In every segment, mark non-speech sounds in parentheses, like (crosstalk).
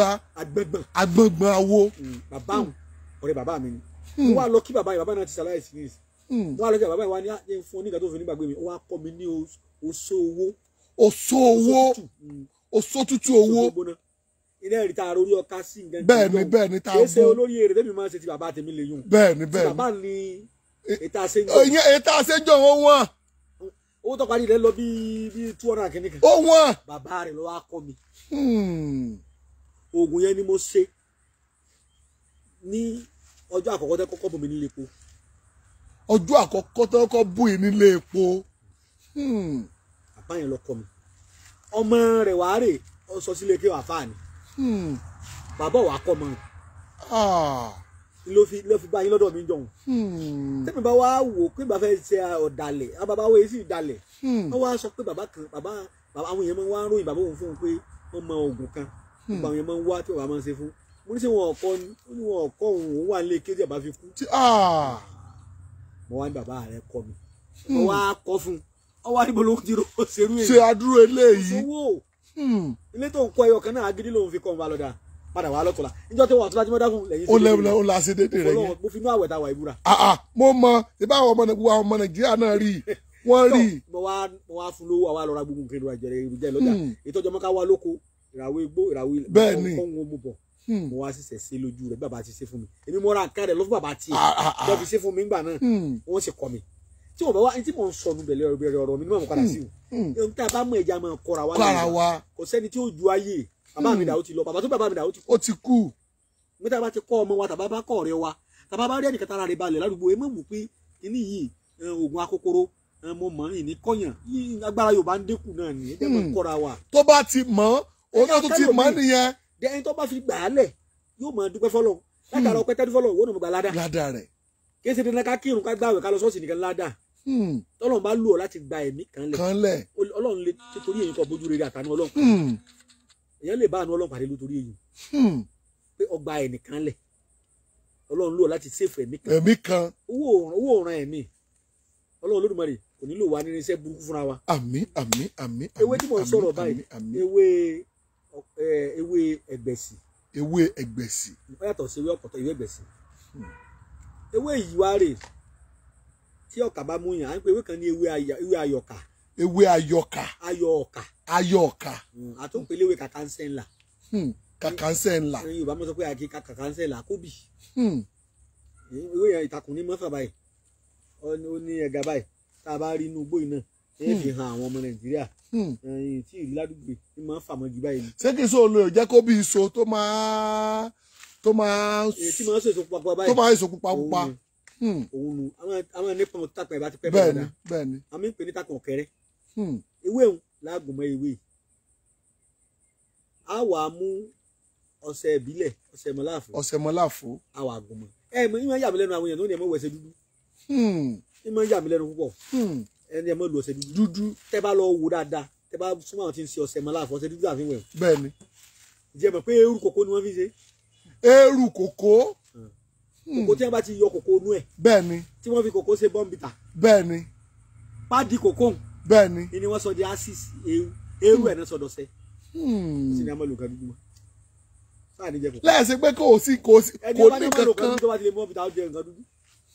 gba agbọ̀ngbọ̀n awo. Hmm, bàbá àwọn ọ̀rẹ́ bàbá mi ni hmm. wọ́n wá lọ kí bàbá yìí bàbá náà ti ṣàlàyé sí níìsì hmm. wọ́n wá lọ kí bàbá yìí wá ní ah, fún onígbà tó fi nígbàgbé mi wọ́n á kọ́ mi ní oṣó owó. oṣó owó oṣó tútù owó ilé ẹ̀rí tá a rorí sí nǹkan bẹ́ẹ̀ ni bẹ́ẹ̀ ni tá olórí èrè tẹ́mi máa ń ṣe ti bàbá tèmi lè yùn bẹ́ẹ̀ ni bẹ́ẹ̀ e- bàbá ni ètà àṣejọ wọn wọn. owó tó parí rẹ lọ bíi bíi two hundred and kìnnìkan. ó wọn. bàbá rẹ ló wá kọ́ mi oògùn yẹn ni mo ṣe ní ọjọ́ àkọ́kọ́ tẹ́ kọ́kọ́ bù mí nílé epo. ọjọ́ àkọ́kọ́ tẹ́ kọ́kọ́ bù yín nílé epo. Hmm. àbá yẹn lọ kọ mi ọmọ rẹ̀ wàá rè ọ sọ sílé kí wàá fáà ni hmm. bàbá wàá kọ́ mọ́ ah. ló fi ló fi bá yín lọ́dọ̀ mi jọ̀hún. Hmm. tẹ́mi bá wá wò pé bàbá fẹ́ ṣe ọ̀dàlẹ̀ bàbá wo èsì ìdàlẹ̀ wọ́n wá sọ pé bàbá kan bàbá àwọn èèyàn máa ń wá ròyìn bàbá òun fún un pé wọ́n mọ oògùn kan gbogbo hmm. àwọn yẹn máa ń wá tí bàbá máa ń ṣe fún mo ní sẹ wọn ọkọ ni ó ní wọn ọkọ òun òun wà ní èké tí bàbá fi kú. Ah! mo wá ní bàbá rẹ kọ mi mo hmm. wá kọ fún ọ wá níbo ló ń dirò ṣerú èyí. ṣe àdúró eléyìí. Hmm. ilé tó ń kọ ẹyọ kan náà agídí lòun fi kọ́ ń bá lọ́dà padà wà lọ́tọ̀la níjọ́ tí wọ́n àtúntà tí wọ́n dákun lẹ́yìn sí ilé ìwé. ó la ṣe déédéé rẹ yẹn. mo fi inú àwẹ̀ ta wà ìbúra. Ah, ah, mo mọ ìbáwọn ọmọ nàìjíríà náà rí i (laughs) rí mo wá fún lówó àwa lọ́ra gbogbo nǹkan ìrora ìjẹrẹ ìrùjẹ lọ́jà ìtọ́jú ọmọ wá lóko ìràwọ̀ igbó ìràwọ̀ ilẹ̀ bẹ́ẹ̀ ni ọ̀hún mo bọ̀ hmm. mo wá ṣẹ̀ṣẹ̀ ṣe lójú rẹ̀ bàbá ti ṣe fún mi èmi mo ra nǹkan rẹ̀ lọ fún bàbá tiẹ̀ tó ah, ah, ah. fi ṣe fún mi ńgbà náà hmm. wọ́n sì kọ́ mi tí mo bá wá tí mo ń sọnù bẹ̀rẹ̀ ọ̀rọ̀ ọ̀rọ̀ mi ni mo padà sí hmm. o tá a bá mọ ẹja máa kọra wa kò sẹ́ni tí ó ju ayé bàbá mi dàwó ti lọ bàbá tó bàbá mi dàwó ti kú. ó ti kú. mi tá a bá ti kọ́ ọmọ wa tàbá bá kọ́ ọ̀rẹ́ wa tàbá bá rí ẹnìkan tára rẹ̀ balẹ̀ ládùúgbò ẹ mọ̀ mú pé kíní yìí oògùn akókóró mo mọ̀ ní kọ́yàn agbára Yorùbá ń dínkù náà ní tó bá ti mọ̀ òun náà tún ti mọ́ nìyẹn. ẹni tó bá fi gbà á lẹ̀ yóò máa dúpẹ́ fọlọ́ hmm. látara ọpẹ́ tẹ́lú fọlọ́ òun ò ní gba ládà. ládà rẹ̀. kí ẹsẹ̀ dandan ká kírun ká gbàwẹ̀ ká lọ sọ́ọ̀sì nìkan ládà. Hmm. tọ́lọ́run bá lù ọ́ láti gba ẹ̀mí kan lẹ̀. kan lẹ̀. ọlọ́run lè torí èyí kọ bójú rere àtànú ọlọ́run. èèyàn hmm. lè bá àánú ọlọ́run pàdé lótorí èyí. pé ọgbà ẹ̀nìkan lẹ̀ ọlọ́run lò láti sèfù ẹ̀mí kan. ẹ̀mí kan. owó òran ẹ̀mí ọlọ́run lódùmarè kò nílò wa nínú iṣẹ́ burúkú fúnra wa. àmín àmín àmín àmín àmín àmín àmín àmín àmín àmín àmín àmín ewé ẹgbẹ̀sì. ewé ẹgbẹ̀sì. yàtọ̀ sí ewé ọ̀pọ̀tọ̀ ewé ẹgbẹ̀sì. Hmm. ewé yìí wá rè tí ọ̀kà bá mú yàn á ń pè ewé kan ní ewé ayọ̀kà. ewé ayọ̀kà. ayọ̀ọ̀kà. ayọ̀ọ̀kà. àtúnpele hmm, ewé kàkànṣẹ́ ńlá. Hmm, kàkànṣẹ́ ńlá. yorùbá mọ̀ sọ pé àkè kàkànṣẹ́ ńlá kóbì. ewé ìtàkùn ní mọ́fà báyìí ó ní ẹ̀gà báyìí tá a bá rí inú igbó yìí náà ẹ fi hmm. hàn àwọn ọmọ nàìjíríà hmm. ẹyìn tí ìlú ládùúgbò ẹ máa ń fà mọ́jú báyìí. ṣé kìí sọ olóyè jẹ́ kó bí iṣo tó máa tó máa tí máa ń sọ èso pupa báyìí tó máa ń sọ pupa pupa. òun nu àwọn nípa wọn tàpá ìbá ti pẹ́ bẹ́ẹ̀ ni bẹ́ẹ̀ ni àmì ń pè ní takàn ọ̀kẹ́rẹ́ hmm. ewé òun láàgùn mọ́ ewé a wà á mú ọṣẹ ìbílẹ̀ ọṣẹ mọ́láàfó ọṣẹ mọ́láàfó a wà á gùn mọ́ ẹ ìmọ̀ yà mí lẹ́nu àwọn èèyàn lónìí ẹ̀ mọ́ wẹ̀ṣẹ̀ dúdú ìmọ̀ yà mí ẹni ẹ mọ̀ lu ọṣẹ dúdú tẹ́ bá lọ wò dáadáa tẹ́ bá súnmọ́ àwọn tí ń ṣe ọṣẹ mọ́ láàfọ̀ ọṣẹ dúdú àfi wẹ̀. bẹ́ẹ̀ni. jẹ́ mọ̀ pé eérú kòkó ni wọ́n fi ṣe. eérú kòkó. Hmm. kòkó tí wọ́n bá ti yọ kòkó inú ẹ̀. bẹ́ẹ̀ni. tí wọ́n fi kòkó ṣe bọ́ǹbìtà. bẹ́ẹ̀ni. páàdì kòkó. bẹ́ẹ̀ni. ni wọ́n sọ di asis eérú eérú ẹ̀ náà sọ dọ̀ṣẹ́. Hmm. láì ṣe pé kò sí kò sí kò ní kankan. ẹni ọba ní ọba lò kan tó bá ti lè mọ́ nǹkan dúdú.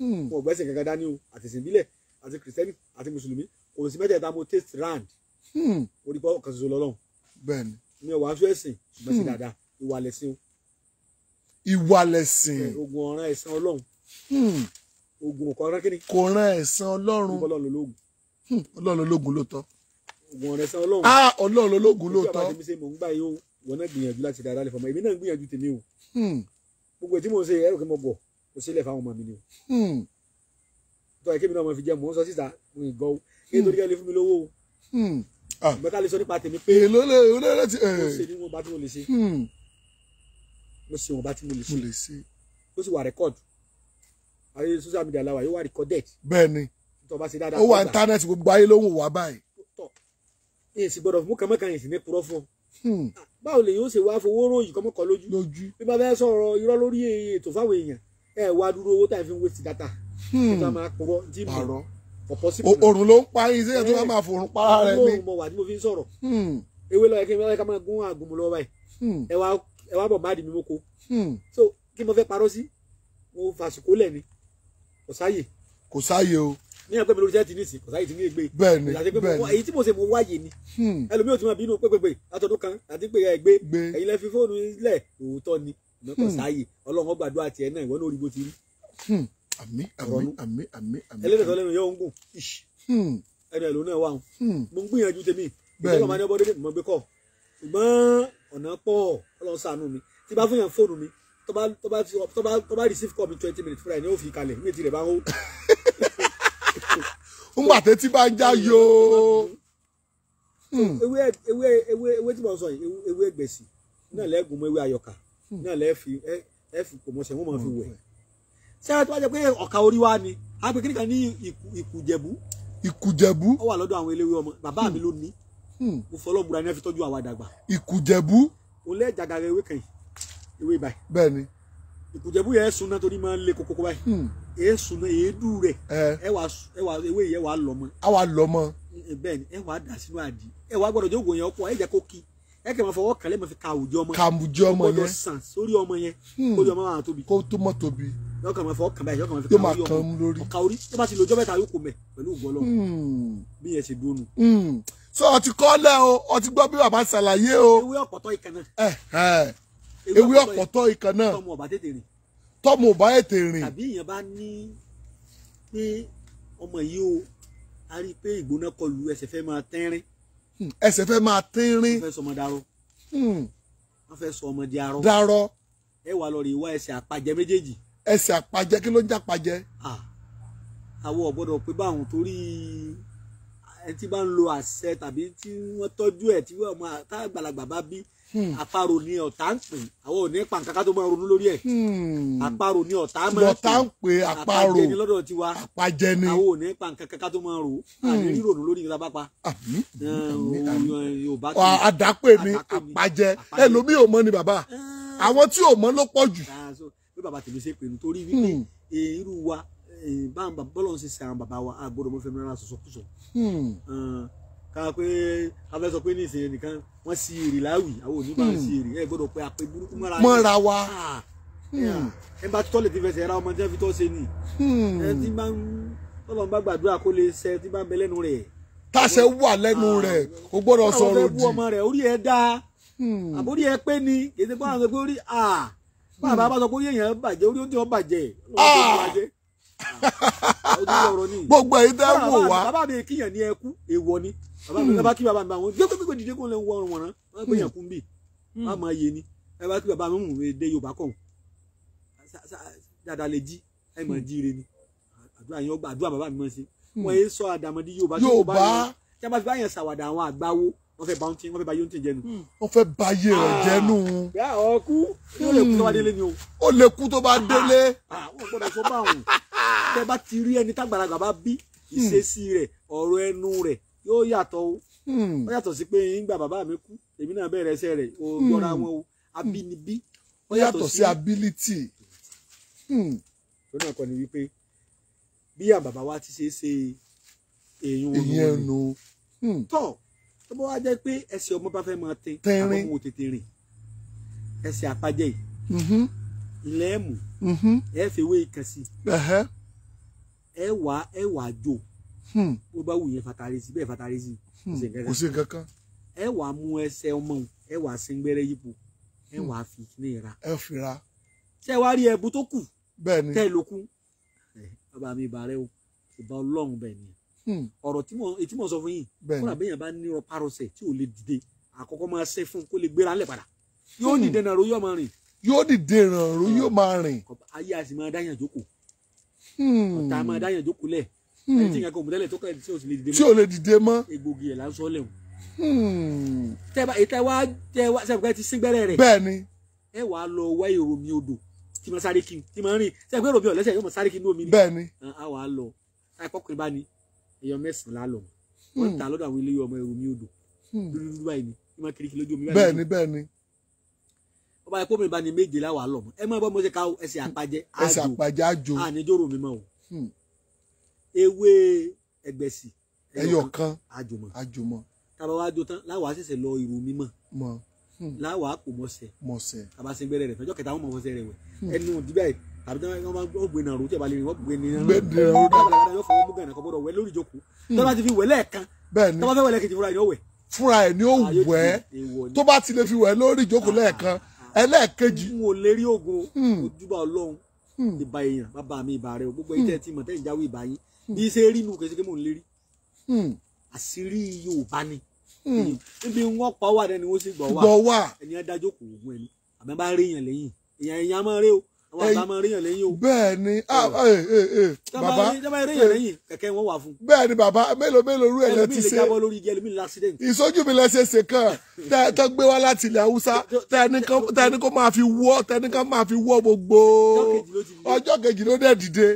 Hmm. wọn ò kankan dání o àti ìsìnbílẹ̀ àti kìrìsìtẹ́nì àti mùsùlùmí kò sí mẹ́tẹ̀ẹ̀ta mo taste round hmm. orí pọ́ ọ̀kan ṣoṣo lọ́lọ́run bẹ́ẹ̀ni mi ò wá sún ẹ̀sìn ṣùgbọ́n sí hmm. dáadáa ìwà lẹ̀sìn o. ìwà lẹ̀sìn. ogun ọ̀ràn ẹ̀sán ọlọ́run ogun kò rán kíni. kò rán ẹ̀sán ọlọ́run ọlọ́run lológun. ló tọ́. ogun ọ̀ràn ẹ̀sán ọlọ́run. ah ọlọ́run lológun ló tọ́. Você sílẹ̀ uma menina. mi ni o me dá uma náà mo fi jẹ́ mò ń sọ síta mo ì gbọ́ o hmm. kí Hum. Ah. kẹ́ lè fún mi lówó o ìgbọ́ta hmm. ah. não sọ nípa tèmi pé èló lè èló lè ti ẹ̀ eh. mo ṣe ni wọn bá tí mo lè ṣe mo hmm. ṣe wọn bá tí mo lè ṣe ó sì wà rẹ́kọ̀dù ayé social media làwà yóò wà recorded. bẹ́ẹ̀ni ó wà íńtánẹ́ẹ̀tì gbogbo ayé ló ń wò wá báyìí. èsì gbọ́dọ̀ mú kànmọ́ kan èsì ní purọ́ fún ọ ah, báwo lèyìn ó ṣe wá fowó ròyìn kọ́mọ́kọ́ ẹ wá dúró owó tá ẹ fi ń waste data ẹ hmm. máa pọ̀rọ̀ tí mo pọ̀pọ̀ sí. ló ń pa yín sẹ́yìn tó bá eh, máa fòrùn para rẹ ní. mo wà tí mo fi ń sọ̀rọ̀ hmm. ewé lọ́yẹ kí ẹ ká máa gún àgùnmù lọ́wọ́ báyìí hmm. ẹ wá bọ̀ báàdì mi mọ́kò so kí mo fẹ́ parọ́ sí mo fàṣùkò lẹ̀ ni kò sáyè. kò sáyè o ní ẹgbẹ́ mi lórí iṣẹ́ ti ní ìsìn ti ní ègbé bẹ́ẹ̀ni bẹ́ẹ̀ni èyí tí mo ṣe mo wáyé ni ẹlòmíì ti máa bínú pépèpè látọdún kan àti pé ẹgbẹ́ ẹ̀yin lẹ fi fóònù lẹ̀ òótọ́ ni mẹ́kọ̀ sáàyè ọlọ́run gbàdúrà tiẹ̀ náà ìwọ náà rí bó ti rí. Hmm, àmín àmín àmín àmín àmín. ẹlẹ́dẹ̀ tó lẹ́nu yóò ń gùn hmm. ẹnu ẹ̀ ló náà wà hàn hmm. mo ń gbìyànjú tèmi ìjọba máa ní ọbọ̀ dédé mo gbé kọ́ ṣùgbọ́n ọ̀nà pọ̀ ọlọ́run ṣàánú mi tí bá fún yàn fóònù mi tó bá tó bá receive call mi twenty minutes fúnra ẹ̀ ni ó fi kalẹ̀ ní ètí rẹ̀ bá ń hó. (laughs) ń gbàtẹ́ tí bá ń já yóò ewé ewé ewé ewé tí mo sọ yìí ewé gbèsè náà lẹ́gùn mọ́ ewé ayọ̀kà Hmm. náà lẹ́ẹ̀ fi ẹ fi kò mọ̀ọ́sẹ̀ wọ́n máa fi hmm. wẹ̀ sẹ́yìn tó wá jẹ́ pé ọ̀ka orí wa ni a pè kíníkan ní ìkùjẹ̀bú ìkùjẹ̀bú ó wà lọ́dọ̀ àwọn eléwé ọmọ bàbá mi hmm. ló ní mo fọlọ́ búra ní ẹ fi tọ́jú àwa dàgbà o òun lẹ́ẹ̀ jàgàrà ewé kan yìí ewé báyìí bẹ́ẹ̀ ni yẹn sunna torí máa ń le kókókó báyìí èé sunna èédú rẹ̀ ẹ wà ewé yẹn wà lọ́mọ. a wà lọ́mọ. bẹ́ẹ̀ ni ẹ wà dà sínú àdì ẹ wà gbọ́dọ̀ jókòó yẹn ọkọ ẹ jẹ́ kó kí ẹ kẹ́ máa fọwọ́ kàlẹ́ máa fi ka àwùjọ ọmọ ka àwùjọ ọmọ yẹn kó lọ sàn sórí ọmọ yẹn hmm. kó jọ ọmọ máa tóbi kó tó mọ́ tóbi yóò kàn máa fọwọ́ kàn báyìí yóò kàn máa fi ka orí ọmọ lórí ọ̀ka orí tó bá ti lọ́jọ́ mẹ́ta yóò kó mẹ́ pẹ̀lú ìgbọ́lọ́ hmm. bí yẹn ṣe dúnú. Hmm. so ọtí kọ́lẹ̀ o ọtí gbọ́ bí bàbá ṣàlàyé o ewé ọ̀pọ̀tọ́ ìkan náà eh, eh. ewé ọba tètè rìn tọmọ ọba tètè rìn Hmm, ẹsẹ̀ fẹ́ máa tínrín. wọ́n fẹ́ sọ ọmọ darọ. wọ́n hmm. fẹ́ sọ ọmọ di arọ. darọ. ẹ wà lọ rí wá ẹsẹ̀ àpàjẹ méjèèjì. ẹsẹ̀ àpàjẹ kí ló ń jàpàjẹ. àwọn ọ̀gbọ́dọ̀ pé báwọn torí ẹ ti bá ń lo àṣẹ tàbí tí wọ́n tọ́jú ẹ̀ tí wọ́n àgbàlagbà bá bí Hmm. àparò ni ọ̀tá ń pè àwọn òní pàǹkàkà tó máa ronú lórí ẹ̀ hmm. àparò ni ọ̀tá máa ń pè ọ̀tá ń pè àparò àpajẹni lọ́dọ̀ tiwa àpajẹni àwọn òní pàǹkàkà tó máa rò àní hmm. rírònú lórí ìlà bápa yorùbá ni àpajẹ ẹlòmíì ò mọ ni bàbá àwọn tí ò mọ ló pọ̀ jù. Ah, bí bàbá tèmi ṣe pè ní torí wípé irú wa eh, báwọn bọ́lọ̀ ń ṣe ṣe àwọn bàbá wa àgbọ̀dọ̀ mọ́fẹ́ mìíràn sọ̀sọ̀kùsọ̀ ká pé a fẹ́ sọ pé ní ìsìn nìkan wọ́n sí èrè láwì àwọn oníbà sí hmm. èrè ẹ gbọ́dọ̀ pé àpè burúkú mọ́ra wa. mọ́ra wa. Ah, hmm. ẹ bá tọ́ lè ti fẹsẹ̀ ra ọmọdé fi tọ́ ṣe nì. Hmm. ẹ ti máa ń tọ́lọ̀ ń bá gbàdúrà kó lè ṣe ti máa ń bẹ lẹ́nu rẹ̀. táṣẹ wà lẹ́nu ah, rẹ̀ o gbọ́dọ̀ sọ̀rọ̀ di. ọmọ rẹ̀ orí ẹ dáa àbórí ẹ pé ni kì í ṣe pé àwọn sọ pé orí à bàbá bá sọ pé orí èèyàn bàjẹ́ orí ó ti ọ bàjẹ́ ah. gbogbo ẹ̀yin tẹ́ wò wá. bàbá mi kíyàn ní ẹkú èèwọ̀ ni bàbá mi bàbá kí bàbá mi bá wọn gbẹgbẹgbẹ dìde kó lè wọ ọrùn wọn wọn gbé yàn kún bí wọn máa yé ni ẹ bá kí bàbá mi mú èdè Yorùbá kọ̀ọ̀hún dáadáa lè jí ẹ mọ̀ jíire ni àdúrà yẹn ọgbà àdúrà bàbá mi mọ̀ sí wọn yé sọ àdàmọ̀dì Yorùbá Yorùbá tí a bá fi bá yẹn ṣàwàdà àwọn àgbáwo wọn fẹ́ báyìí wọn fẹ́ báyìí oúnjẹ jẹnu. wọn fẹ́ báyìí rẹ jẹnu. bẹ́ẹ̀ ọkú yóò lè kú tó bá délé ni o. Hmm. ó lè kú tó bá délé. àwọn ah, ah, gbọ́dọ̀ sọ báwọn tẹ bá ti rí ẹni tágbàlagbà bá bí hmm. ìṣesí rẹ ọ̀rọ̀ ẹnu rẹ yóò yàtọ̀ o hmm. ó yàtọ̀ sí pé nígbà bàbá mi kú èmi náà bẹ̀rẹ̀ ẹsẹ̀ rẹ̀ o hmm. gbọ́ra wọn o abínibí ó yàtọ̀ sí ability hmm. tó náà kọ́ ni wípé bí àbàbà wa ti ṣe é ṣe èèyàn nu tọ́ tó bá wá jẹ́ pé ẹsẹ̀ ọmọ bá fẹ́ máa tẹ àwọn ọmọ tètè rìn ẹsẹ̀ àpájẹ́ yìí mm-hmm. ilẹ̀ ẹ̀mù ẹ̀ mm-hmm. fẹ́wé ìkànsí ẹ̀ wà ẹ̀ wà jò. Hmm. bó bá wù yẹn fatare hmm. sí bẹ́ẹ̀ fatare sí kò sí nǹkan kan. ẹ wà á mú ẹsẹ̀ ọmọ ẹ wà á sin gbẹ́rẹ́ yípo ẹ hmm. wà á fi kíní ra. ẹ fi ra. ṣé ẹ wá rí ẹbu tó kù. bẹ́ẹ̀ni tẹ ló kú bàbá mi bàrẹ o ìbá Ọlọ́run bẹ́ẹ̀ ni ọ̀rọ̀ tí mo sọ fún yín kódà bẹyàn bá ní ọ parọsẹ tí ò lè dìde àkọ́kọ́ máa ṣe fún kó lè gbéra lẹ padà yóò dìde nàró yóò máa rìn. yóò dìde nàró yóò máa rìn. ayé a sì máa dáyàn jókòó ọ̀tá máa dáyàn jókòó lẹ̀ ẹni hmm. tí nǹkan lè dìde mọ́ egbògi ẹ̀ là ń sọ lẹ̀ wò. Hmm. tẹ́wá ìtẹ́wá tẹ́wá sẹ́fùkẹ́ ti síngbẹ́rẹ́ rẹ̀ bẹ́ẹ̀ ni ẹ wàá lọ wá èrò mi odò tí mo sáré kí tí mo rìn sẹ́fùkẹ́ èrò mi ọ̀lẹ́sẹ̀ yóò mọ̀ sáré kí inú omi ni bẹ́ẹ̀ ni a wàá lọ àìpọ́kùnrin bá ní èèyàn mẹ́sàn-án lálọ́ hmm. wọ́n ta lọ́dọ̀ àwọn ilé ọmọ èrò mi odò dúdú báyìí ni bí wọ́n lójú omi báyìí bẹ́ẹ̀ ni bẹ́ẹ̀ ni ọba ẹ̀kọ́ mi bá méje láwàá lọ ẹ má bọ́ mo ṣe ká ẹsẹ̀ àpàjẹ́ àjò àníjóró mi mọ́ ewé ẹ̀gbẹ̀sì ẹyọ kan àjùmọ̀ àjùmọ̀ tábà wá jó tán láwàá ṣẹ̀ṣẹ̀ lọ ìrù mímọ̀ mọ̀ hmm. láwàá kò mọ̀ọ́sẹ̀ mọ̀ọ́sẹ̀ tábà ṣe gbẹ́rẹ́ rẹ̀ fẹ́jọ́ kẹta wọn mọ̀ fọ́sẹ̀ rẹ̀ wẹ̀ hmm. ẹnu òdìbẹ́ tàbí wọn bá gbé nàró tí a bá lè rìn wọn gbé nínú náà gbẹdẹrẹ yóò fọwọ́ mú gànà kọ́ gbọ́dọ̀ wẹ̀ lórí ìjókòó hmm. tó bá ti fi wẹ̀ lẹ́ẹ̀kan tó bá fẹ́ wẹ̀ lẹ́ẹ̀kejì fúnra ẹ̀ ni ó wẹ̀. fúnra ẹ̀ ni ó wẹ̀ tó bá ti lè fi wẹ̀ lórí ìjókòó lẹ́ẹ̀kan ah, ah, ah. ẹlẹ́ẹ̀kejì. n ò lè rí ojúbà ọlọ́run ìbà hmm. èèyàn bàbá mi ìbà rẹ o gbogbo ẹ̀yin hmm. tẹ́ ti mọ̀ tẹ́ ń jáwé ìbà yín hmm. bí ṣe rí inú kèsì kémò ń lérí àṣírí Yorùbá ni níbi wọn pa wà dẹni wọn sì gbọ wà ẹni adájọ́ kò gún ẹni àbẹ bá rí èèyàn lẹ́yìn èèyàn èèyàn máa rí o bẹ́ẹ̀ ni e, e, e, bàbá bẹ́ẹ̀ ni bàbá mélòó mélòó rú ẹ̀ lẹ́ ti ṣe ìsójú mi lẹ́sẹ̀sẹ̀ kan tó gbé wá láti ilẹ̀ haúsá tẹ́ni kó máa fi wọ́ tẹ́ni kó máa fi wọ́ gbogbo ọjọ́ kejì ló dẹ̀ dìde.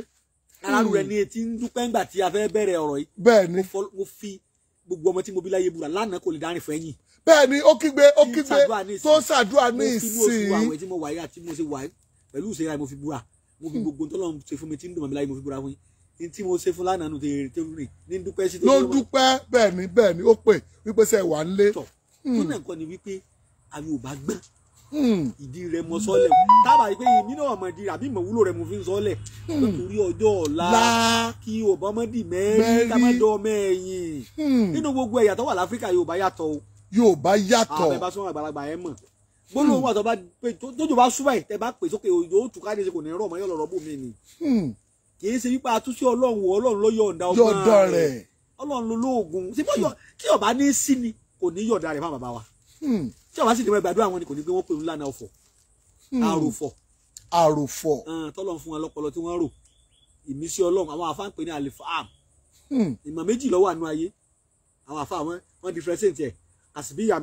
ara rẹ̀ hmm. ni etí ń dúpẹ́ ńgbà tí a fẹ́ bẹ̀rẹ̀ ọ̀rọ̀ yìí. bẹ́ẹ̀ ni mo fi gbogbo ọmọ tí mo bí láyé búra lánàá kò lè dárìn fún ẹ̀yìn. bẹ́ẹ̀ ó kígbe ó kígbe tó ṣàdúrà ní ìsìn. mo fi inú oṣù àwẹ̀ tí mo wà yìí àti mo ṣe wà yìí pẹ̀lú ìṣe ra mo fi búra mo fi hmm. gbogbo tọ́lọ́ ṣe fún mi tí ń dùn mọ́ mi láyé mo fi búra fún yín tí mo ṣe fún lánàá nù tèrè tó rìn ní dúpẹ́ sí. ló dúpẹ́ bẹ́ẹ̀ ni bẹ́ẹ̀ ni ó pè wípé sẹ́ wà ń lé. tọ́ hmm. nínú ẹ̀kọ́ ni wípé àwọn ò bá gbọ́n hmm. ìdí rẹ mọ sọlẹ tábà yìí pé èmi náà mọ ìdí rẹ àbí ìmọ̀wúlò rẹ mo fi ń sọlẹ nítorí ọjọ́ ọ̀la kí Yorùbá mọ́ di mẹ́rin ká má dọ́ mẹ́yìn nínú gbogbo ẹ̀yà tó wà láfíríkà Yorùbá yàtọ̀ o. Yorùbá yàtọ̀ àwọn ẹ̀bá sọ́wọ́n àgbàlagbà ẹ̀ mọ̀ Hmm. gbólóhùn wà tó bá pé tójú bá súbà ìtẹ́ bá pè sókè òjò ó tùká níṣe kò ní rọ̀ mọ́ yọ̀ lọ́rọ́ bò mí ni. Hmm. kì í ṣe wípé atúnṣe ọlọ́run ọlọ́run ló yọ̀ǹda ọmọ rẹ̀ ọlọ́run ló lóògùn hmm. tí ọba ní sí ni kò ní yọ̀ǹda rẹ̀ fáwọn bàbá wa tí ọba sì ní gbàdúrà wọn ni kò ní gbé wọn pè ńlá náà fọ àròfọ. àròfọ. tọ́lọ́run fún wa lọ́pọlọ tí wọ́n rò ìmísí ọlọ́run àwọn àfáà ń pè ní alifam ìmọ̀ méjì ló wà nínú ayé àwọn àfáà wọn differentiate ẹ̀ àsìbíyà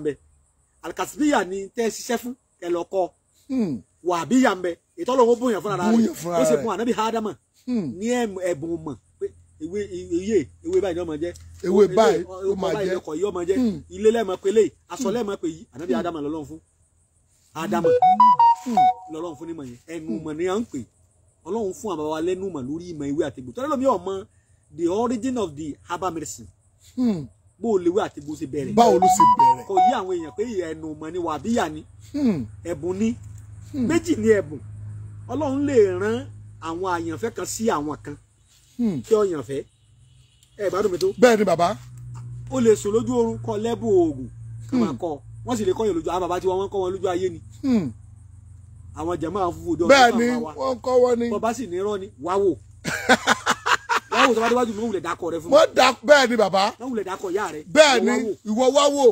alikasibiya ni tẹ́ ṣiṣẹ́ fún ẹ lọ kọ hmm. wàbíyà ń bẹ ìtọ́lọ́wọ́ bóyàn fúnra rẹ̀ ó sì fún ànábì ádámà hmm. ní ẹ̀bùn mọ̀ pé ewé iye ewé báyìí ni ọmọ jẹ ewé báyìí ó máa jẹ ọkọ yìí ọmọ jẹ hmm. ilé lẹ́mọ̀ pé lè aṣọ lẹ́mọ̀ pé yìí ànábì ádámà lọ́lọ́run fún ádámà lọ́lọ́run fún nímọ̀ yẹn ẹnu mọ̀ ni à ń pè ọlọ́run fún àbáwá lẹ́nu mọ̀ lórí ìmọ̀ ewé àtẹ̀gbò tọ́lẹ́ lómi ọmọ the origin of the herbal medicine bó o léwé àti bó o ṣe bẹ̀rẹ̀. báwo ló ṣe bẹ̀rẹ̀. kò yí àwọn èèyàn pé ẹnu ọmọ ni wàbíyà ni hmm. ẹ̀bùn ni hmm. méjì ni ẹ̀bùn ọlọ́run lè rán àwọn àyànfẹ́ kan sí àwọn kan hmm. kí ọyànfẹ́ ẹ gbádùn mi tó. bẹ́ẹ̀ ni bàbá. o lè sùn lójú oorun kọ lẹ́bù oògùn kí wọ́n kọ wọ́n sì lè kọ́ yàn lójú àwọn bàbá tí wọ́n kọ́ wọn lójú ayé ni. àwọn jẹ̀mọ́ àwọn fúfú dọ́ọ̀dọ́ àwọn wa bẹ́ẹ̀ ni wọ́n kọ́ wọn ni. bàbá (laughs) táwọn sábà déwájú mọ wulẹ̀ dakọ̀ rẹ fún mi. mo da bẹ́ẹ̀ ni bàbá. mo wulẹ̀ dakọ̀ ya rẹ. bẹ́ẹ̀ ni ìwọ wá wò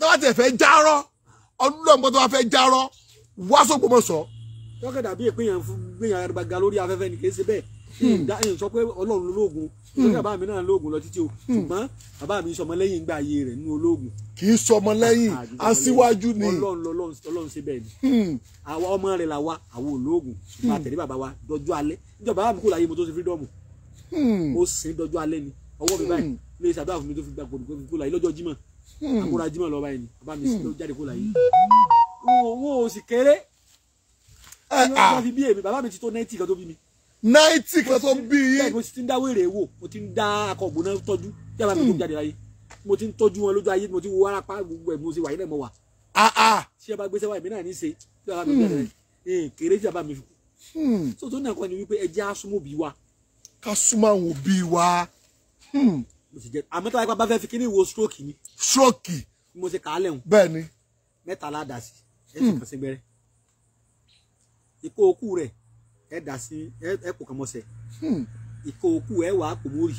tọ́wọ́ tẹ̀ fẹ́ járọ́ ọdúnlọ́gbọ́n tó wá fẹ́ járọ́ wá s'Ògbómọ̀ṣọ́. tọ́kẹ́ dàbí ìpínyàn gbìyànjú àgbàgbà lórí afẹ́fẹ́ ni kì í ṣe bẹ́ẹ̀ ìdáyìn sọ pé ọlọ́run lóògùn lórí hmm. bàbá mi náà lóògùn lọ títí o hmm. ṣùgbọ́n bàbá mi sọmọ lẹ́yìn gba ayé rẹ̀ nínú olóògùn. kì í sọmọ lẹ́yìn aṣíwájú ni ọlọ́run ṣe bẹ́ẹ̀ ni hmm. àwa ọmọ rẹ̀ làwa àwọn olóògùn ṣùgbọ́n àtẹ̀lé bàbá wa dọjú alẹ́ ìjọba bàbá mi kò láyé mo tó ṣe fírídọ́ọ̀mù Hmm. ó sin dọjọ́ alẹ́ ni ọwọ́ mi báyìí hmm. lè ṣàdúrà fún mi tó fi gba gbòdò gbòdò láyé lọ́jọ́ jímọ̀ àmúra hmm. jímọ̀ lọ báyìí ni bàbá mi ló jáde kó láyé wọn ò sì kéré eh, wọn ah. fi bí èmi bàbá mi ti tó náìtì kan tó bí mi. náìtì kan tó bí yín. mo ti ń dá wèrè wò mo ti ń dá akọ̀gbọ̀n náà tọ́jú bí àbá mi tó jáde láyé mo ti ń tọ́jú wọn lójú ayé mo ti wo ara pa gbogbo ẹ̀ mo ti wà yín náà mo wà. ṣé ah, ah. ẹ bá ká súnmọ́ àwọn òbí wa. Hmm. àmọ́ tó wáyé pa bá fẹ́ fi kíní wo stroke ni. stroke. mo ṣe kà á lẹ̀ hùn. bẹ́ẹ̀ni. mẹ́ta la dà sí ẹ hmm. sì kàn sí gbẹ́rẹ́. ìkó okú rẹ̀ ẹ dà sí ẹ kò kàn mọ́sẹ̀. ìkó hmm. okú ẹ wà á pò mórì.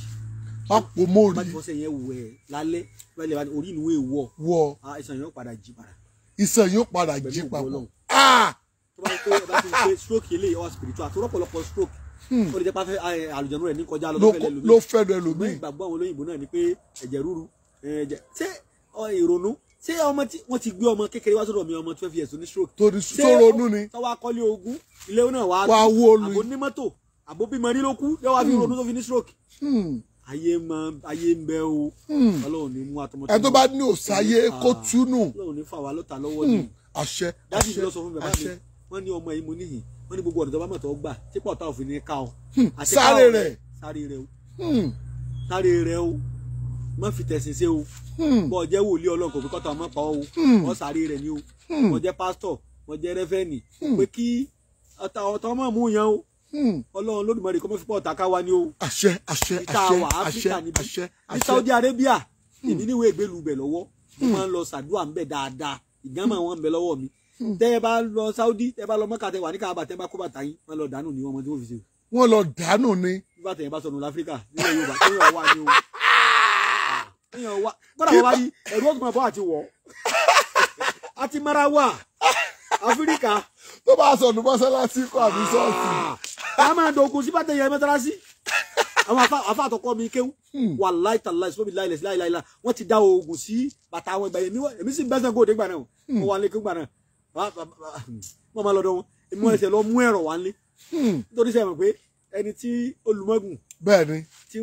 a pò mórì. bá ti fọ́sẹ̀ yẹn wù ẹ lálẹ́ lálẹ́ wa orí ìlú èèwọ̀. wọ ìsàn yóò padà jí padà. ìsàn yóò padà jí padà. Ah! tó bá yẹ kó stroke eléyìí ọ̀ spiritual àti ọ̀pọ̀lọpọ̀ stroke Hmm. ó lè jẹ́ pé àlùjẹ̀nu rẹ̀ ní kọjá ló fẹ́ lọ ẹlòmíì ní ìgbàgbọ́ àwọn olóyìnbó náà ni pé ẹ̀jẹ̀ rúru ẹ̀jẹ̀ ṣé ìrònú ṣé ọmọ tí wọ́n ti gbé ọmọ kékeré wá sọ́dọ̀ mi ọmọ twelve years ní stroke tó ní sọ́rọ̀ọ́nù ni tọ́wọ́ akọ́lé ogún ilé náà wá wó olú àbò ní mọ́tò àbò bímọ rí ló kú lọ́wọ́ fi hmm. ronú tó fi ní stroke hmm. ayé mọ ayé ń bẹ o Ọlọ́run ní mú atọmọ tí wọn ẹ tó bá ní òsáyé ah. kó túnú Ọlọ́run ní fà wá lọ́ta lọ́wọ́ ni àṣẹ àṣẹ àṣẹ wọn ní ọmọ yìí mo níhìn wọ́n ní gbogbo ọ̀nà tó bá mọ̀ tó gbà tí pọ̀tà òfin ní ká o. Hmm. sáré rẹ̀ sáré rẹ̀ o hmm. sáré rẹ̀ o má fi tẹ̀sìn ṣe o hmm. bọ́ ọ jẹ́ wòlíì ọlọ́run kò fi kọ́tà ọmọ pa ọ́ o wọ́n sáré rẹ̀ ni o mo jẹ́ pásítọ̀ mo jẹ́ rẹ́fẹ́nì pé kí ọ̀tá ọ̀tá ọmọ mú yan o ọlọ́run lódùmarè kọ́ mọ́ fi pọ̀tà ká wa ni o. àṣẹ àṣẹ àṣẹ àṣẹ àṣẹ àṣẹ ní Saudi Arabia ìdí níwèé ìgbélùbẹ̀ lọ́wọ́ mo máa ń lọ sàdúrà ń bẹ̀ dáadáa ìgbàmọ̀ wọn ń bẹ lọ́wọ́ tẹ́ ẹ bá lọ Saudi tẹ́ ẹ bá lọ Mọ́kà tẹ́ wà ní Káàbà tẹ́ bá kó bàtà yín wọ́n lọ dànù ní ọmọ tí wọ́n fi ṣe. wọ́n lọ dànù ni. bí bàtà yẹn bá sọnù láfíríkà nílẹ̀ Yorùbá kéèyàn wà ní o kéèyàn wà kódà wọ́n bá rí ẹ̀rú ọ̀tún ọ̀bọ̀ àti wọ̀ àti mara Áfíríkà. tó bá sọnù mọ́sálásí kọ́ àbí sọ́ọ̀sì. a máa dogun sí bàtà yẹn mọ́sálásí àwọn afa àtọkọ mi kéwú hmm. wà láìtàlá ìsọmi láìlẹsí láìláìlá wọn ti dá oògùn sí bàtà àwọn ìgbà yẹn èmi sì bẹ́sẹ̀ kó o dé gbà náà hmm. mo wà lẹ́kọ̀ọ́ gbà náà wọ́n hmm. máa lọ́dọ̀ wọn èmi wọ́n ṣe lọ mú ẹ̀rọ wá nílé hmm. nítorí sẹ́yìn mọ̀ pé ẹni tí olùmọ̀gùn bẹ́ẹ̀ni tí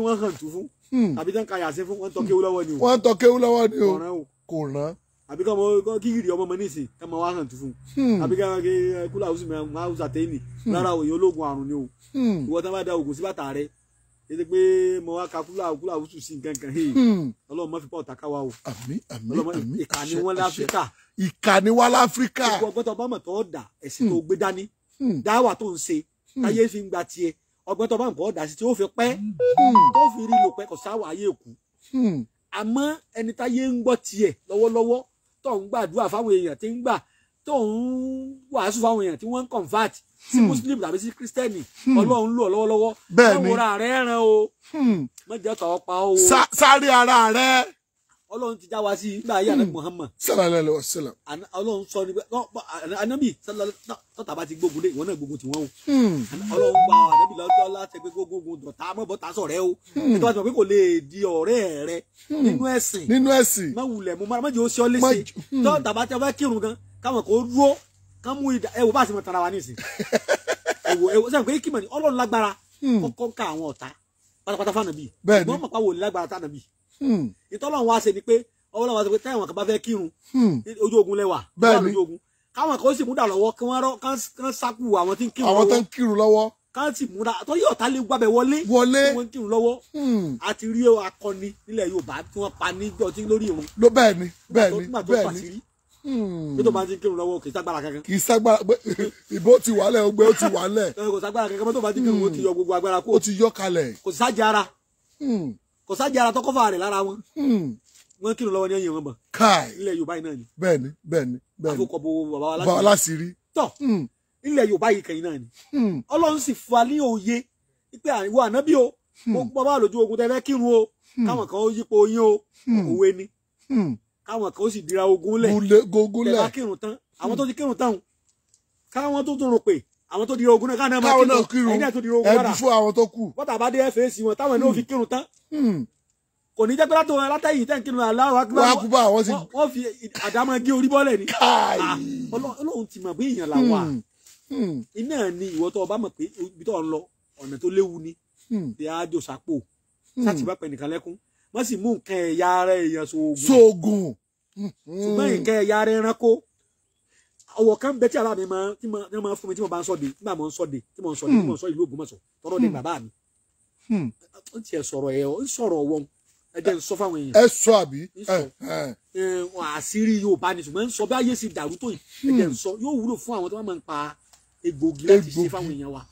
wọ́n hàn tú fún hmm. àbí tán ka yàsẹ́ fún wọ́n tọ́ kéwú lọ́wọ́ ni o wọ́n tọ́ kéwú lọ́wọ́ ni o kò rán àbí kọ́ kíkìrì ọmọ ọmọ níìsín ẹ máa wá hàn tú fún àbí kọ́ kúlà hausa mẹ́rin hausa tẹ́yìn rárá òye ológun àrùn ni o ìwọ tán bá da ògùn sí bàtà rẹ yéte pé mo wá ka kúlà kúlà wùsù sí nǹkan kan hẹ́ẹ̀ hmm. ọlọ́run má fi pọ̀ tàkà wa o àmín àmín àmín ìkà ni wọ́n láfíríkà ìkà ni wọ́n láfíríkà gbogbo ọgbọ́n tó bá mọ̀ tó dà ẹ̀sìn tó hmm. gbé dání hmm. dáwà tó ń ṣe táyé fi ń gba tiẹ̀ ọgbọ́n tó bá mọ̀ tó dà sí tí ó fi pẹ́ tó fi rí lò pẹ́ kò sáwà ayé kù àmọ́ ẹni táyé ń gbọ́ tiẹ̀ lọ́wọ́lọ́wọ́ tó ń gbàdúrà fáwọn èèyàn tí ń gbà tó ń wàásù fáwọn èèyàn tí wọ́n ń convert sí hmm. muslim tàbí sí kristẹni hmm. ọlọ́run lò lọ́wọ́lọ́wọ́ bẹ́ẹ̀ni ẹwọ ara rẹ ẹran o mọjọ tọwọ pa o. sáré ara rẹ. ọlọ́run ti já wa sí nígbà ayé àná hmm. muhammad. sallallahu alaihi wasallam. ọlọ́run sọ níbẹ̀ anabi tọ́tà bá ti gbógun dé ìwọ náà gbógun tiwọn o. ọlọ́run gba anabi lọ́jọ́ láti pé gbógun dọ̀tá mọ́bọ́tà sọ̀rẹ́ o. ètò àti mọ̀ pé kò lè di ọ̀rẹ́ rẹ nínú ẹ̀sìn. nínú ẹ̀sìn. má wulẹ̀ mo má jẹ́ o ṣe ọ́ káwọn kò dúró kán mú ìdá ẹwò bá a sì mọ tara wa nísìn ẹwò ẹwò sẹ́yìn pé kímọ̀ ni ọlọ́run lágbára hmm. kọ́kọ́ ká àwọn ọ̀tá pátápátá fáànà bíi ìgbọ́n mọ̀ pàwọ̀ lágbára tánà bíi hmm. ìtọ́lọ́run wa ṣe ni pé ọlọ́run wa ṣe pé táwọn kan bá fẹ́ kírun hmm. ojú ogun lẹ́wà ojú ogun káwọn kan ó sì múdà lọ́wọ́ kí wọ́n kán sákú àwọn tí ń kírun lọ́wọ́ àwọn tó ń kírun lọ́wọ́ kán sì múdà tó yí ọ̀tá lè gbàbẹ̀ wọlé wọlé tí wọ́n ń kírun lọ́wọ́ àti rí akọni nílẹ̀ Yorùbá tí wọ́n pa níjọ́ tí lórí ìrun. ló bẹ́ẹ̀ ni bẹ́ẹ̀ ni bí tó bá ti kírun lọ́wọ́ kì í ságbára kankan. kì í ságbára ìbò ti wà lẹ̀ ọgbẹ́ ó ti wà lẹ̀. kò ságbára kankan bí tó bá ti kírun ó ti yọ gbogbo agbára kó. ó ti yọ kalẹ̀. kò sájì ara hmm. kò sájì ara tọkọ fàárẹ̀ lára wọn. Hmm. wọn kírun lọ́wọ́ ní ẹ̀yìn wọn bọ̀. káì ilẹ̀ yorùbá yìí náà ni. bẹ́ẹ̀ni bẹ́ẹ̀ni bẹ́ẹ̀ni àfọkọ bo bàbá aláṣìírí. tọ hmm. ilẹ̀ yorùbá yìí kẹyìn náà ni. ọlọ́run sì fún wa ní òye pé àìwọ ànábì o mo gbọ́ bá lójú ogun tẹ́lẹ̀ kírun o káwọn kan ó yípo yín o òwe ni káwọn kan ó sì dira ogun lẹ̀ gogúnlẹ̀ tẹ̀bá kírun tán àwọn tó ti kírun tán káwọn tó tún rò pé àwọn tó dira ogun náà káwọn náà máa kírun ẹni náà tó dira ogun rárá ẹbí fún àwọn tó kù bọ́tà bá dé fèsì wọn táwọn náà fi hmm. kírun tán hmm. kò ní jẹ́ pé látọ̀ látẹ̀yìn tẹ̀ ń kírun aláwọ̀ akúbà wọ́n fi àdámọ́ gé orí bọ́lẹ̀ ni ah, ọlọ́run ti mọ̀ bí èèyàn làwà hmm. iná ni ìwọ tó ọba mọ̀ pé ibi tó ń lọ ọ̀nà tó léwu ni dè ájò sápò sátìbápẹ̀ nìkan lẹ́kún wọ́n sì mú nǹkan ẹ̀yà ara èèyàn sóògùn. sóògùn. ṣùgbọ́n hmm. nǹkan ẹ̀yà ara ẹranko ọwọ́ kan bẹ tí ara mi máa tí wọ́n máa fún mi tí mo bá ń sọ́de nígbà mo ń sọ́de tí mo ń sọ́de tí mo ń sọ́ ìlú Ògbómọ̀ṣọ́ tọ́rọ́ dé hmm. bàbá mi. Hmm. ó tiẹ̀ sọ̀rọ̀ ẹ̀ ó sọ̀rọ̀ wọn ẹ jẹ́ n sọ fáwọn èèyàn. ẹ sọ àbí. àṣírí Yorùbá ni ṣùgbọ́n sọ bí ayé sì dàrú tó yìí ẹ jẹ́ n sọ yóò wúlò fún àwọn tó máa ń pa egbògi láti ṣe fáwọn èèyàn wa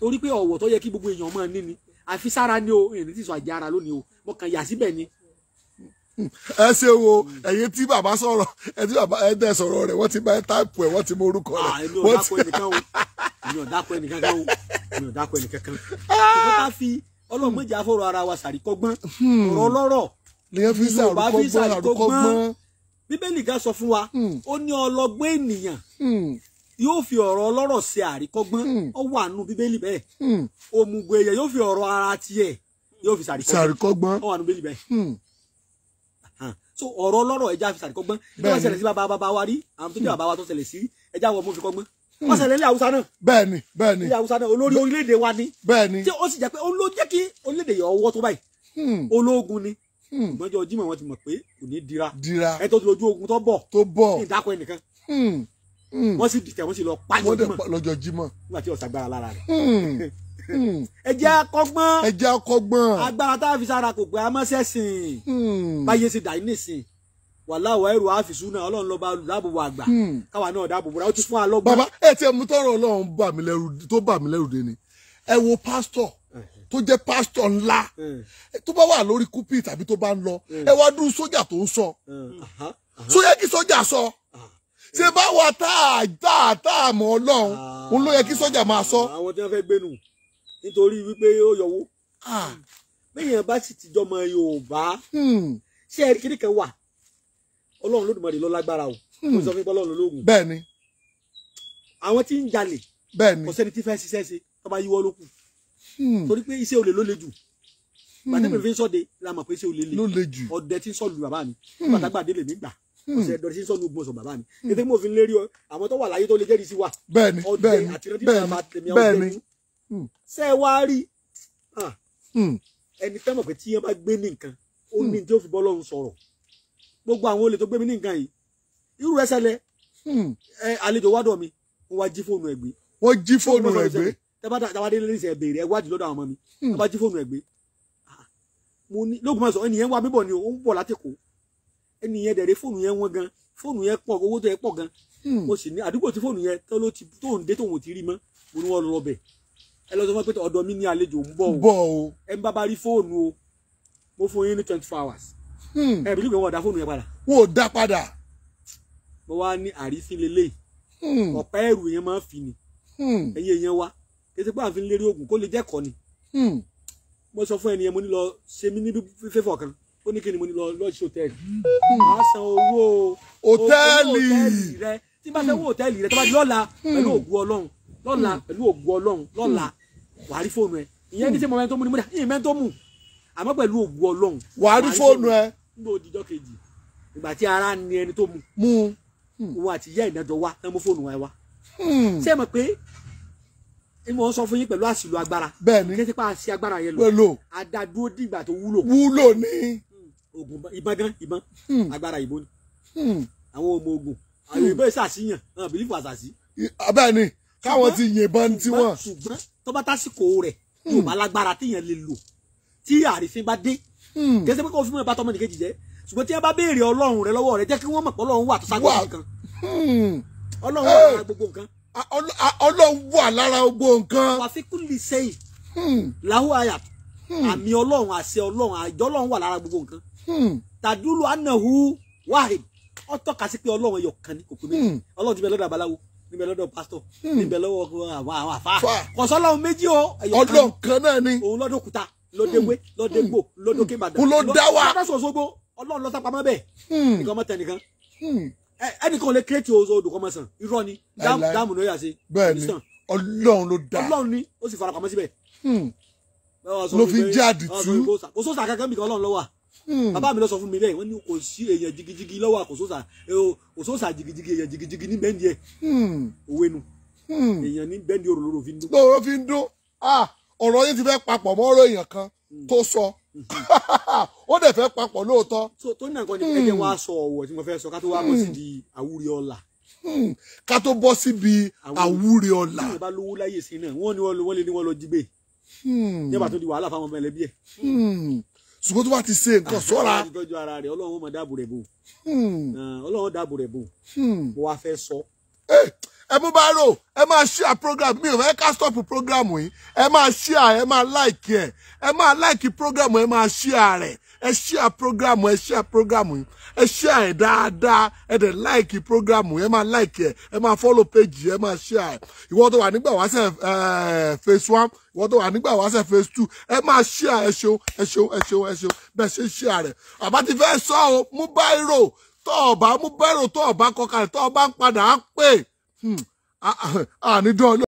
torí pé ọ̀wọ̀ tó yẹ kí gbogbo èèyàn máa ní ni àfi sára ni o ìrìn tí sọ àjẹ ara lónìí o mo kàn yà síbẹ̀ ni. ẹ ṣe wo ẹ̀yin tí bàbá sọ̀rọ̀ ẹ tí bàbá ẹ dẹ sọ̀rọ̀ rẹ̀ wọ́n ti bá ẹ táàpù ẹ wọ́n ti mọ orúkọ rẹ̀. Ah, èmi ò dákọ ẹnìkan o èmi ò dákọ ẹnìkan kan o èmi ò dákọ ẹnìkan kan. ìwọ́n ká fi ọlọ́run méjì afọ́rọ̀ ara wa sàríkọ́gbọ́n hmm. ọ̀rọ̀ ọlọ́rọ̀ ìwọ̀n bá fi sàríkọ́gbọ́n bíbélì gan sọ fún wa hmm. ó ní ọlọ́gbọ́n ènìyàn hmm yóò fi ọ̀rọ̀ ọlọ́rọ̀ ṣe àríkọ́gbọ́n hmm. ó wà nù bíbélì bẹ́ẹ̀ hmm. òmùgọ̀ èèyàn yóò fi ọ̀rọ̀ ara tiẹ̀ yóò fi ṣàríkọ́gbọ́n ó wà nù bíbélì bẹ́ẹ̀ hmm. so ọ̀rọ̀ ọlọ́rọ̀ ẹja fi ṣàríkọ́gbọ́n bí wọ́n ṣẹlẹ̀ sí bàbá bàbá wa rí àwọn tó jẹ́ bàbá wa tó ṣẹlẹ̀ sí ẹja wọ́n mú fi kọ́gbọ́n wọ́n ṣẹlẹ̀ ní Haúsá náà bẹ́ẹ̀ni bẹ́ẹ̀ni ní Haúsá náà olórí orílẹ̀-èdè wa ni bẹ́ẹ̀ni tí ó sì jẹ́ pé ó ló jẹ́ kí orílẹ̀-èdè yọ ọwọ́ tó báyìí ológun ni ìgbọ́njọ́ Jímọ̀ wọn ti mọ̀ pé kò ní dira ẹ tó ti lójú ogun tó bọ̀ tó bọ̀ ìdákọ̀ ẹnìkan Hmm. wọ́n sì dìtẹ̀ wọ́n sì lọ pa lọ́jọ́ jímọ̀ lọ́jọ́ jímọ̀ nígbà tí ọ̀sàgbára lára rẹ̀ hmm. hmm. (laughs) ẹ jẹ́ akọ́gbọ́n ẹ jẹ́ akọ́gbọ́n agbára tá a fi sára kò pé a mọ́ sẹ́sìn báyé sì dà nísìn wàhálà wa ẹrù àfìsù náà ọlọ́run lọ́ba dáàbòbò àgbà káwa náà dáàbòbò ó ti fún wa lọ́gbà. bàbá ẹ tiẹ̀ mú tọrọ ọlọ́run bà mí lẹ́rù tó bà mí lẹ́rù dé ni ẹ wo pásítọ̀ tó jẹ́ pásítọ̀ ńlá tó bá wà lórí kúpì tàbí tó bá ń lọ ẹ wá dúró sójà tó ń sọ sójà kí sójà sọ ṣé báwa tá a tá a tá a mọ̀ ọlọ́run ah. òun ló yẹ kí sọ́jà máa sọ. Ah, àwọn tí wọ́n fẹ́ gbénu nítorí wípé ó yọwó ah. bẹ́yẹn bá sì tìjọ́ mọ Yorùbá hmm. ṣé ẹ̀rí kiri kan wà ọlọ́run lódùmarè ló lágbára o hmm. mo sọ fún ipá ọlọ́run lóògùn. bẹ́ẹ̀ni. àwọn tí ń jalè. bẹ́ẹ̀ni kò sẹ́ni tí fẹ́ ṣiṣẹ́ ṣe tó bá yíwọ́ ló kù. Hmm. torí pé iṣẹ́ olè ló le jù bàtẹ́pẹ̀ fi ń sọ́de la mọ̀ pé iṣẹ́ olè le ọdẹ tí ń sọ̀lù bàbá mi bàtàgbà délé mi gbà ọ̀sẹ̀ hmm. ẹ̀dọ̀ sí sọ́nù gbọ̀nsọ̀ bàbá mi ètò hmm. mo fi lérí àwọn tó wà láyé tó lè jẹ́rìí sí wa bẹ́ẹ̀ni bẹ́ẹ̀ni bẹ́ẹ̀ni bẹ́ẹ̀ni hmm. ṣe é wá rí ẹni tẹ́mọ̀ pé tíyẹn bá gbé ní nǹkan ó ní tí ó fi bọ́lọ́run sọ̀rọ̀ gbogbo àwọn olè tó gbé mi ní nǹkan yìí irú ẹ ṣẹlẹ̀ àlejò wádọ̀ mi wọ́n wá jí fóònù ẹ̀ gbé wọ́n jí fóònù ẹ̀ gbé tẹ́bá dé lẹ́sẹ̀ béèrè ẹ̀ wádìí lọ́dọ̀ àwọn ọmọ mi tẹ́bá jí fóònù ẹ̀ gbé mo ní lóògùn máa sọ ẹnìyẹn wá bíbọ̀ ni ó ń bọ̀ látẹ̀kọ̀ọ́ ẹni yẹn dẹ̀rẹ̀ fóònù yẹn wọ́n gan fóònù yẹn pọ̀ owó tó yẹ pọ̀ gan hmm. mo sì ní àdúgbò tí fóònù yẹn tó ló ti tó ń dé tó ń ti rí mọ́ mo ní wọ́n lọ bẹ̀ ẹ lọ sọ fún pé ọ̀dọ̀ mi ní àlejò ń bọ̀ o ẹ ń bá bá rí fóònù o mo fún yín ní twenty four hours hmm. ẹ bí lùgbọ́n wọn dá fóònù yẹn padà. wọn ò dá padà. mo wá ní àrífín lélẹ̀ hmm. ọ̀pá ẹ̀rù yẹn máa ń fi ni ẹ̀yẹ yẹn wá kété pé àfin lérí oògùn kó lè jẹ́kọ̀ọ́ ni mo sọ fún ẹni yẹn mo ní lọ ṣe mí ní fífẹ́ fọ̀kan ó ní kí ni mo ní lọ lọ́ọ̀ṣì hòtẹ́ẹ̀lì máa hmm. san owó hòtẹ́ẹ̀lì rẹ tí bá fẹ́ hòtẹ́ẹ̀lì rẹ tó bá di lọ́la hmm. pẹ̀lú ògùn ọlọ́run lọ́la hmm. pẹ̀lú ògùn ọlọ́run lọ́la wàá rí fóònù ẹ ìyẹn ní sẹ́ mọ́mẹ́ntó mú ni mo dà ìyẹn mẹ́ntó mú àmọ́ pẹ̀lú ògùn ọlọ́run wàá rí fóònù ẹ níbo òdìjọ́ kejì ìgbà tí ara ni ẹni tó mú mú òun àti ìyá ìdájọ́ wa náà mú fóònù wa wá ṣé pé mo sọ fún yín pẹ̀lú àṣìlò agbára bẹ́ẹ̀ni kí n ti pa àṣì agbára yẹn lò adadúró dìgbà tó wúlò wúlò ni oògùn ìbọn gan ìbọn hmm. agbára ìbọn ni hmm. àwọn ọmọ ogun àwọn hmm. ìbọn ìṣàṣìyàn àwọn bìlífù àṣàṣì. bẹ́ẹ̀ ni káwọn ti yìnbọn tí wọ́n. ṣùgbọ́n tó bá tásìkò rẹ̀ yóò bá lágbára téèyàn lè lò tí àrífín bá dé kí ẹ sẹ́ pé kó fi mọ́ ẹ bá tọmọ nìkejì jẹ́ ṣùgbọ́n tí ẹ bá béèrè ọlọ́run rẹ lọ́wọ́ rẹ jẹ́ kí wọ́n mọ̀ pé ọlọ́run wà tó ságbó nǹkan ọlọ́run wà lára gbogbo nǹkan. ọlọ́run wà lára gbogbo ọlọ́run wà lára gbogbo nǹkan. Hmm. tàdúlù anahu wahid ó tọ́ka sí pé ọlọ́run ẹyọ kan ní kò pé méjì hmm. ọlọ́run ti bẹ lọ́dọ̀ abaláwo níbẹ̀ lọ́dọ̀ pásítọ̀ níbẹ̀ hmm. lọ́wọ́ eh, àwọn àfa kọ̀sọ́lọ́run méjì o ẹyọ kan ọlọ́run ni òun lọ́dọ̀ òkúta lọ́dẹ̀wé lọ́dẹ̀gbò lọ́dọ̀kẹ́ ìbàdàn olódáwà lọ́dọ̀sọ̀sọ́gbó ọlọ́run lọ́ta pamọ́ bẹ́ẹ̀ nìkan mọ́tẹ nìkan ẹnìkan lè kírètì ozo odòkọ́mọ sàn irọ́ ni dáàmù ló yà sí ọlọ́run ló dá ọlọ́run ni ó sì farapamọ́ síbẹ̀ ló fi jáde tú kò sóòsà kankan bìkan ọlọ́run ló wà Hmm. bàbá mi lọ sọ fún mi lẹ́yìn wọ́n ní kò sí èèyàn jigijigi lọ́wọ́ àkóso òsòsà jigijigi èèyàn jigijigi ní bẹ́ẹ̀ ni hmm. òwe nu hmm. èèyàn ní bẹ́ẹ̀ ni fi ń dún. lóró fi ń dún ah, ọ̀rọ̀ yìí ti fẹ́ papọ̀ mọ́ ọ̀rọ̀ èèyàn kan tó sọ (laughs) ó dẹ̀ fẹ́ papọ̀ lóòótọ́. tó ní nǹkan ni ẹ̀jẹ̀ wa sọ ọ̀wọ̀ tí mo fẹ́ sọ ká tó wá bọ́ síbi àwúrí ọ̀la. ká tó bọ́ síbi àwúrí ọ̀la. àwọn bá lówó láyè ṣùgbọ́n tó bá ti ṣe nǹkan sọ́ra. Ah, ọlọ́run ara rẹ̀ ọlọ́run mọ̀ dáàbò rẹ̀ bò hmm. ah, ọlọ́run dáàbò rẹ̀ bò bó hmm. wá fẹ́ sọ. Eh, ẹ mú bá rò ẹ máa ṣíà program mi ò fẹ́ ká stop program yìí ẹ máa ṣíà ẹ máa like ẹ ẹ máa like program ẹ máa ṣíà rẹ̀ ẹ ṣíà program ẹ ṣíà program yìí ẹ ṣíà ẹ dáadáa ẹ dẹ̀ láìkì program yìí ẹ máa láìkì ẹ ẹ máa fọ́lọ̀ péjì ẹ máa ṣíà ẹ ìwọ tó wà nígbà wáṣẹ ẹ phase one ìwọ tó wà nígbà wáṣẹ phase two ẹ máa ṣíà ẹ ṣeun ẹ ṣeun ẹ ṣeun ẹ ṣeun bẹ́ẹ̀ ṣe ṣíà rẹ̀ àbá ti fẹ́ sọ ọ́ mú báírò tó ọ̀bá mú báírò tó ọ̀bá kọkàlẹ̀ tó ọ̀bá ń padà á pè àníjọ́ hmm.